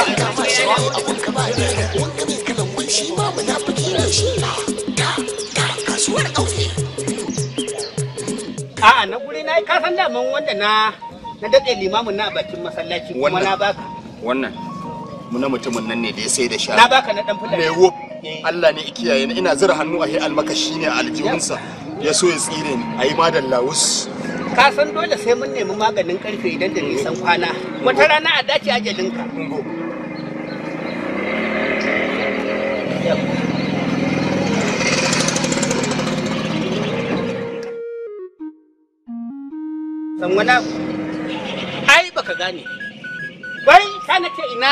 an ka ba shi wani abun ka ba ne wanda mai kalan wai shi kasuwar ƙauye a'a na guri na yi kasan daman wanda na na daɗe limamin na bakin masallaci kuma na baka wannan muna mutumin nan ne da ya sai da sha na baka na dan fulani mai wo eh. Allah ne ikiyaye ni ina zira hannu a hi almakashi ne a aljihunsa ya so ya tsire ni a yi madan lawus ka san dole sai mun nemi maganin karfe idan da nisan kwana wata rana a dace ajalinka san wani ai baka gane bai ka na ce ina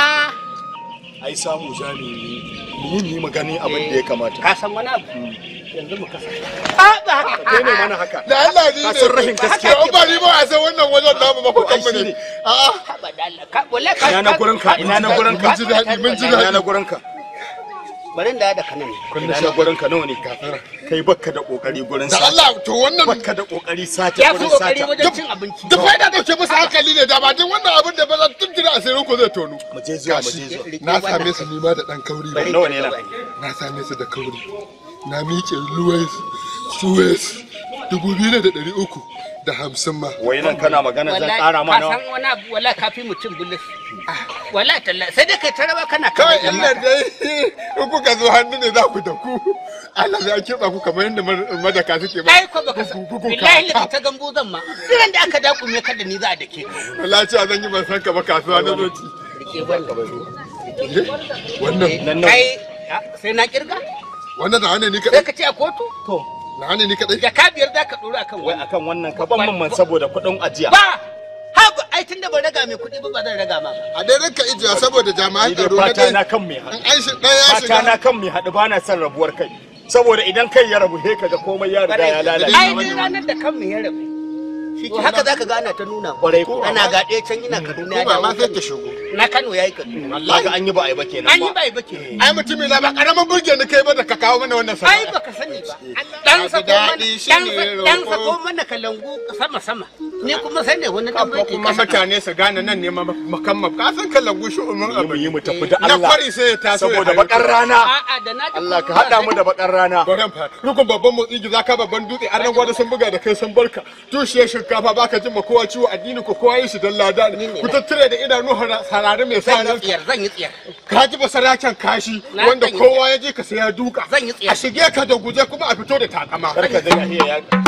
ai samu jami ne yin yi magani abin da ya kamata eh, ka san wani abu yanzu mu kasa a ah, ah, ba haka ka ne mana haka da Allah rahin gaskiya ba ni ba a san wannan wajen a a ba da Allah ka ka ina na gurin ka ina na gurin ka ina na gurin ka bari da da kanan kun shi gurin ka nawa ne kafara kai bakka da kokari gurin sata da Allah to wannan bakka da kokari sata gurin sata ya kokari wajen cin abinci da faida da ke musu hankali ne da ba din wannan abin da ba za tun jira sai ku zai tonu mu je zuwa mu je zuwa na same su ma da dan kauri ba nawa ne na na same su da kauri na miƙe luwais suwais dubu biyu da ɗari uku da hamsin ma. Wai nan kana magana zan ƙara ma nawa. Kasan wani abu wala kafi mutum bulus. Ah, wala talla sai dai kai taraba kana kai. Kawai illar dai in kuka zo hannu ne za ku daku. Allah ya kitsa ku kamar yadda madaka suke ba. Ai ko baka san. Billahi ne ta gambo zan ma. Siran da aka daku ka da ni za a dake. Wallahi ce zan yi ban san ka ba kasuwa na zoci. Wannan nan Wannan. Kai ah, sai na kirga. Wannan da hannu ni ka. Sai ka ce a kotu. To. na ne jaka biyar da ka dora akan wai akan wannan ka ban man saboda kudin ajiya ba ai tunda ban raga mai kuɗi ba zan raga ma a dai ranka ijiya saboda jama'a tsaro na dai na kan mai shi ya shiga na kan mai son rabuwar kai saboda idan kai ya rabu he kaga komai ya riga ya lalace ai ranar da kan mai ya rabu to haka zaka ga ana ta nuna kwarai ko ana ga ɗaya can ina Kaduna ya dawo ma sai ta shigo na Kano yayi Kaduna wallahi an yi ba ai ba kenan an yi ba ai ba kenan ai mutumi na ba karaman burge ni kai ba da ka kawo mana wannan sa ai ba ka sani ba dan sa dan sa dan sa ko mana kalangu sama sama ne kuma sai ne wani dan baiti kuma mutane su gane nan ne makamma ka san kalangu shi umman abu yi mu tafi da Allah na kwari sai ya taso saboda bakar rana a'a da na Allah ka hada mu da bakar rana bari fa rukun babban motsi giza ka babban dutse an rangwa gwada sun buga da kai sun barka tushe shi shinkafa baka ka ma kowa ciwo addini ko kowa yin shi don lada ku tattare da idanu harare mai sa zan yi tsiyar ka ji sarakin kashi wanda kowa ya je ka saya duka a shige ka da guje kuma a fito da takama